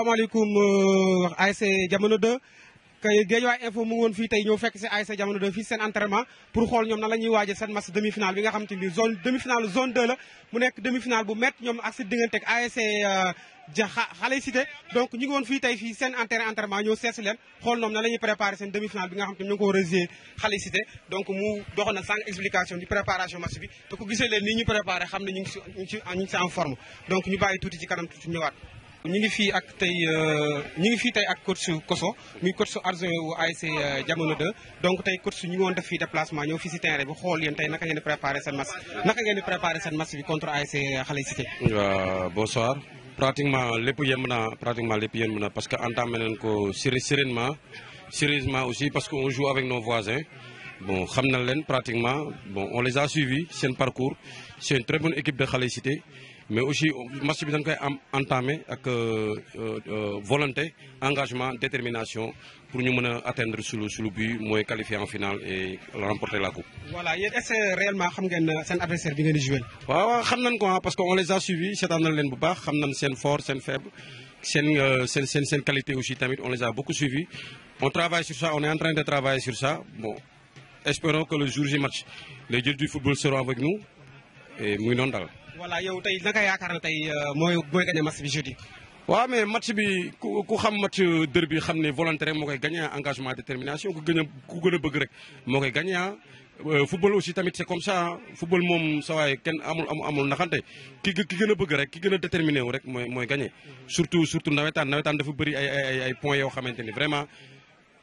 asalaamaaleykum euh, ASC jamono 2 kay Guédiawaye info mu ngi woon fii tey ñëw fekk si ASC jamono 2 fii seen entraînement pour xool ñoom nan la ñuy waaje seen match demi finale bi nga xam te ni zone demi finale zone mu nekk demi finale bu métti ñoom ak si euh, ñu ngi woon fii tey fii seen entrain entraînement ñëw seet si leen xool ñoom nan la ñuy préparé seen demi finale bi nga xam te ñu ngi ko résier xale cité donc mu doxoon na explication di préparation match bi te ku gisee leen nii ñu préparé xam ne ñu ñu ngi fii ak tey euh, ñu ngi fii tey ak coach Koso muy coach adjoint wu ASC euh, Jamono 2 donc tey coach ñu ngi woon def fii déplacement ñëw fii si terrain bi xool yéen tey naka ngeen di préparé seen match naka ngeen di préparé match bi contre ASC euh, Xaley Cité. waaw bonsoir pratiquement lépp yemb na pratiquement lépp yemb na parce que entamé nañ ko sereinement sérieusement aussi parce que on joue avec nos voisins. bon xam nañ leen pratiquement bon on les a suivis seen parcours c'est une très bonne équipe de Xaley Cité mais aussi euh, match bi entamé avec euh, euh, volonté engagement détermination pour nous atteindre sur le but qualifier en finale et remporter la coupe. voilà est-ce que réellement xam ngeen sen adversaire bi ngeen ah, parce qu'on les a suivis C'est un leen bu baax xam nañ fort faible sen sen qualité aussi on les a beaucoup suivis on travaille sur ça on est en train de travailler sur ça bon espérons que le jour du match les dieux du football seront avec nous et muy non voilà yow tey naka yaakaar na tey euh, mooy mooy gagné match bi jeudi. waaw mais match bi ku xam match dër bi xam ne volonté rek moo koy gagné engagement détermination ku gën ku gën a bëgg rek moo koy gagné ah. Euh, football aussi tamit comme ça ah. football moom sa waay kenn amul amul amul naxante ki ki gën a bëgg rek ki gën a déterminé wu rek mooy mooy gagné. surtout surtout nawetaan nawetaan dafa bari ay ay ay yoo xamante ni vraiment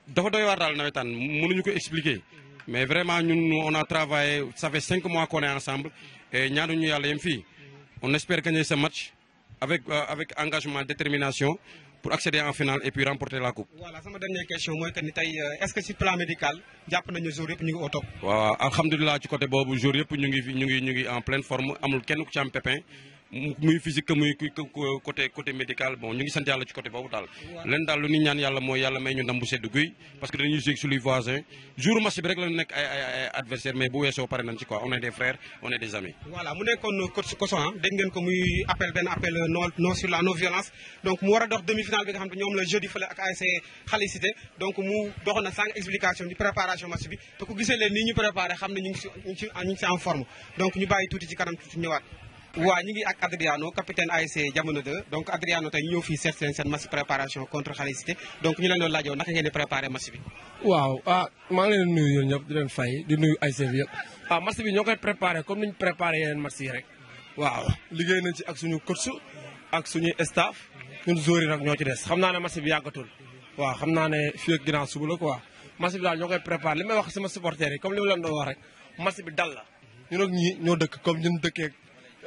dafa doy waar daal nawetaan ñu ko expliquer. mais vraiment nous, on a travaillé ça fait cinq mois qu'on est ensemble et nous yàlla yem fii on espère gagner ce match avec euh, avec engagement détermination pour accéder en finale et puis remporter la coupe. voilà ma dernière question Moi, que ni euh, est-ce que le plan médical nous nañu jour yëpp ñu ngi au top. waaw du ci côté de jour nous ñu ngi ñu ngi en pleine forme amul kenn pépin. muy physique que muy côté côté bon ñu ngi sant ci côté boobu daal leen daal lu ñuy ñaan yàlla mooy yàlla may ñu ndam bu sedd guy parce que dañuy jouer sur les voisins jour match bi rek la nekk ay ay adversaire mais bu weesoo pare nañ ci quoi on est des frères on est des mu nekkoon coach Kosson ah, dégg ngeen ko muy appel benn appel euh, non violence donc mu war dox demi-finale bi nga xam ne ñoom la jeudi fële ak ASC Xaley Cité donc mu doxoon na explication bi waa ñi ngi ak Adriano capitaine ASC jamono 2 donc Adriano tey ñëw fii seet seen seen match préparation contre Xaley Cité donc ñu leen doon laajoo naka ngeen di préparé match bi. waaw ah maa ngi leen nuyu yéen ñëpp di leen fay ah, comme ni ñu préparé yeneen match yi rek. waaw liggéey nañ ci ak suñu coach ak suñu staff ñun joueurs ñoo ci des xam naa ne match bi yàggatul waaw xam naa ne fii ak ginnaaw la quoi match bi daal ñoo koy préparé li may yi comme li ma leen doon bi dal la ñun ñoo dëkk comme ñun dëkkee.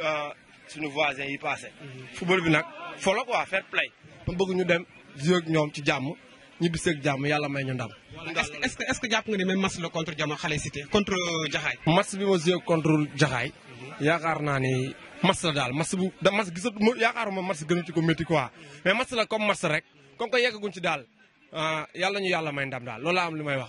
Euh, suñu voisins yi passé. football bi nag fo la fair play. ma bëgg ñu dem jouer ñoom ci jàmm ñibbi seeg jàmm yàlla may ñu ndam. est-ce que est-ce que jàpp nga ni même match la contre jama xale cité contre euh, Jaxaay. match bi ma jouer contre Jaxaay. yaakaar naa ni match la daal match bu da match gisatu yaakaaruma match gënatu ko métti quoi mais match la comme match rek comme que yeggaguñ ci daal ah, yàlla ñu yàlla may ndam daal loolu am li may wax.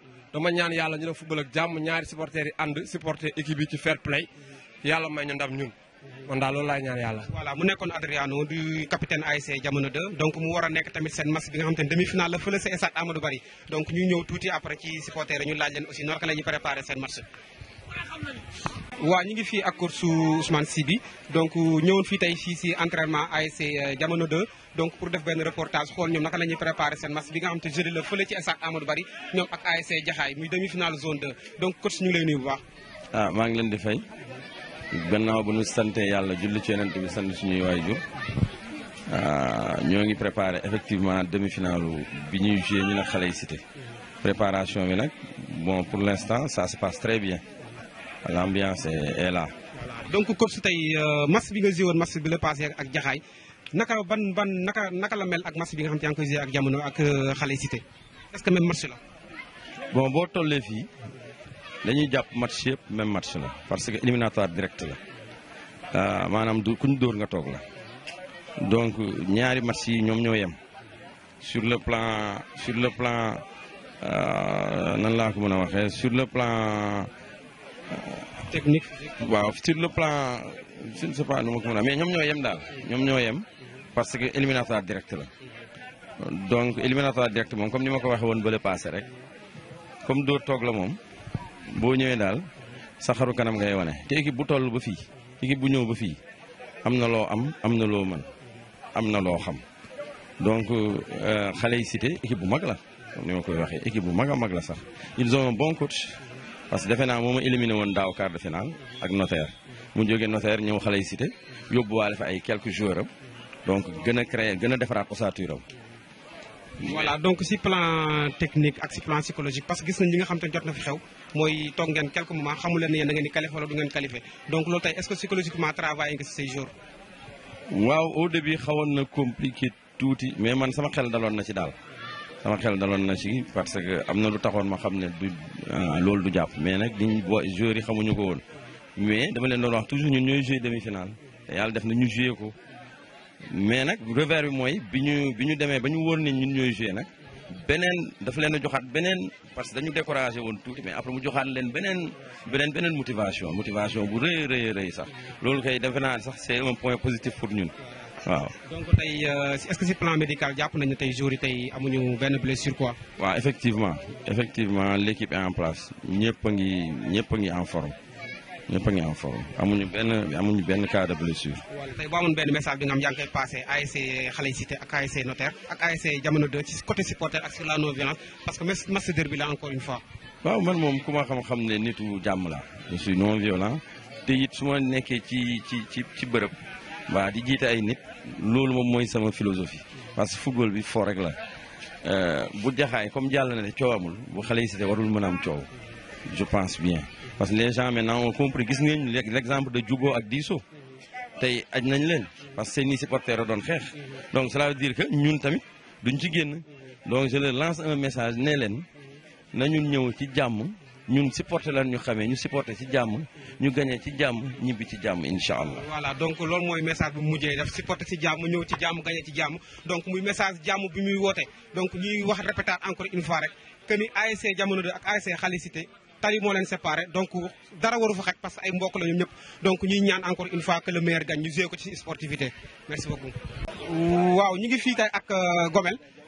dama ñaan yàlla ñu ne football ak jàmm ñaari supporter yi ànd supporter équipe bi ci fair play yàlla may ñu ndam ñun man daal loolu laay ñaan yàlla. voilà mu nekkoon Adriano du capitaine AIC jamono de donc mu war a nekk tamit seen mas bi nga xam te demi finale la fële sa Essa Amadou Bari donc ñu ñëw tuuti après ci supporter ñu laaj leen aussi naka la ñuy préparer seen match. waaw ñu ngi fii ak course Ousmane Sy donc ñëwoon fii tey fii si entraînement ASC euh, Jamono 2 donc pour def benn reportage xool ñoom naka la ñuy préparé seen match bi nga xam te le la fële ci stade Amadou Barry ñoom ak ASC Jaxaay muy demi finale zone 2 donc coach ñu ngi lay nuyu bu baax. ah maa ngi leen di fay gannaaw bu ñu sante yàlla julli ci yonent bi sant suñuy waajur ah, ñoo ngi préparé effectivement demi finale bi ñuy joué ñu ne xale cité préparation bi nag bon pour l'instant, ça se passe très bien. l'ambiance est, est là. donc coach tey euh, match bi nga woon match bi la passé ak Jaxaay naka ban ban naka naka la mel ak bi nga xam te ne ak jamono ak euh, est que même match la. bon boo tollee fii dañuy jàpp match yëpp même match la parce que éliminatoire direct la euh, maanaam du kuñ dóor nga toog la donc ñaari match yi ñoom ñoo yem sur le plan sur le plan nan laa ko mën a waxee sur le plan. technique. waaw sur le plan je ne sais pas nu ma ko mën a mais ñoom ñoo yem daal. ñoom ñoo yem parce que éliminatoire direct la. donc éliminatoire direct moom comme ni ma ko waxee woon bële paase rek comme doo toog la moom boo ñëwee daal saxaru kanam ngay wane te équipe bu toll ba fii équipe bu ñëw ba fii am na loo am am na loo man am na loo xam donc euh, xale yi cité équipe bu mag la comme ni ma koy waxee équipe bu mag a mag la sax ils ont bon coach. parce que defena moma éliminer won daw carte final ak notaire mu joge notaire ñew xalé cité yobbu walé fa ay quelques joueurs donc gëna créer gëna défarat posature voilà donc si plan technique ak si plan psychologique parce que gis na ñi nga xam tane jot na fi xew moy tok ngeen quelques moments xamulé ni da ngeen ni qualifier wala du ngeen qualifier donc lool tay est-ce que psychologiquement travailler nga ces jours waaw au début xawon na compliqué touti mais man sama xel dalon na ci dal sama xel daloon na si parce que am na lu taxoon ma xam ne du euh, loolu du jàpp mais nag ñi joueurs yi xamuñu ko woon mais dama leen doon wax toujours ñun ñooy joué demi-finale te yàlla def na ñu joué ko mais nag revers bi mooy bi ñu bi ñu demee ba ñu wóor ne ñun ñooy joué nag beneen dafa leen a joxaat beneen parce que dañu découragé woon tuuti mais après mu joxaat leen beneen beneen beneen motivation motivation bu rëy rëy rëy sax loolu kay defe naa sax c'est un point pour ñun waaw donc tey euh, est-ce médical jàpp nañu tey jour tey amuñu benn blessure quoi. waaw effectivement effectivement l'équipe est en place ñëpp a ñëpp a ngi en forme ñëpp a ngi en forme benn amuñu benn cas de blessure. waaw tey boo benn message bi nga xam yaa ngi koy passé ASC xale jamono 2 côté supporter ak la non violence parce que match derby la encore une fois. waaw man moom ku ma xam-xam ne nitu jàmm la je suis non violent te it su ma nekkee ci ci ci ci bërëb waa di jiite ay nit. lolu mom moy sama philosophie parce que football bi fort rek la euh, bu jaxay comme jàll na ne amul bu xale yi cité warul mën am ciow je pense bien parce que les gens maintenant ont compris gis ngeen l'exemple de Djugo ak Diso tay aj nañ leen parce que ni i supporters doon xeex donc cela veut dire que ñun tamit duñ ci génn donc je leur lance un message ne leen nañu ñëw ci jamm ñun supporter lan ñu xamee ñu supporter ci jàmm ñu gañee ci jàmm ñibbi ci jàmm incha allah. voilà donc loolu mooy message bu mujjee def supporter ci jàmm ñëw ci jàmm gañee ci jàmm donc muy message jàmm bi muy woote donc ñuy wax répéter encore une fois rek que ni ASC jamono de ak ASC Xale tali moo leen séparé donc dara waru fa xaj parce que ay mbokk la ñu ñëpp donc ñuy ñaan encore une fois que le meilleur ñu joué ko ci sportivité merci beaucoup. waaw ñu ngi fii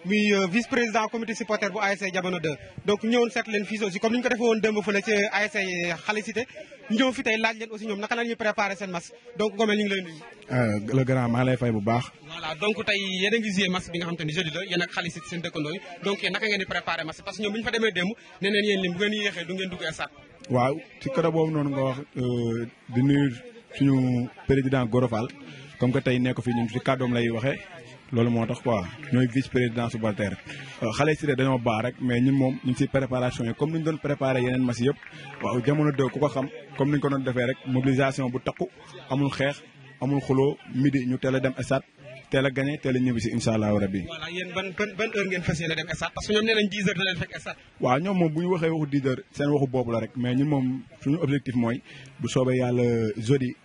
muy euh, vice président comité supporter bu ASC Jamono 2 donc ñëwoon seet leen fii aussi comme ni ñu ko defee woon démb fële ci ASC xale cité ñëw fi tey laaj leen aussi ñoom naka la ñuy préparé seen match donc Gomel ñu ngi lay nuyu. Euh, a ngi gisee match bi nga xam te ni jeudi la yéen ak xale cité seen ñu ngeen dugg stade. waaw ci côté boobu noonu nga wax euh, di nuyu suñu président Goro Fall comme tey nekk fi ñun ci kàddoom lay waxee loolu motax quoi ñoy vice président xalé ci Siré dañu ba rek mais ñun mom ñu ci préparation yi comme ñu doon préparer yenen match yëpp waaw jamono dëgg ku ko xam comme ñu ko doon défé rek mobilisation bu takku amul xex amul xulo midi ñu teel a dem stade teel a gagné teel a ñibbi si rabi. voilà yeen ban ban ban heure ngeen fassé la dem stade parce que ñoom nee 10 h dina leen fekk stade. waaw ñom mom bu ñu waxee waxu 10 h seen waxu bobu la rek mais ñun mom suñu objectif moy bu soobé yalla jeudi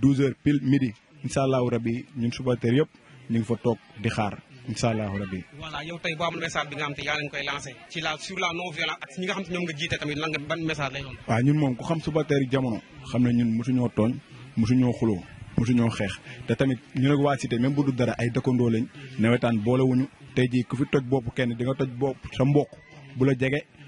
12 h pile midi inshallah allahu rabi ñun subalterne yëpp. ñu ngi fa toog di xaar incha allahu rabi voilà yow tey boo amul message bi nga xam te yaa leen koy lancé ci la sur la non violence ak ñi nga xam te ñoom nga jiite tamit lan nga ban message lay doon waaw ñun moom ku xam supporter yi jamono xam ne ñun mosuñoo tooñ mosuñoo xuloo xeex te tamit ñu nag waa cité même bu du dara ay dëkkandoo lañ nawetaan boolewuñu tey jii ku fi toj boobu kenn di nga toj boob sa mbokk bu la jege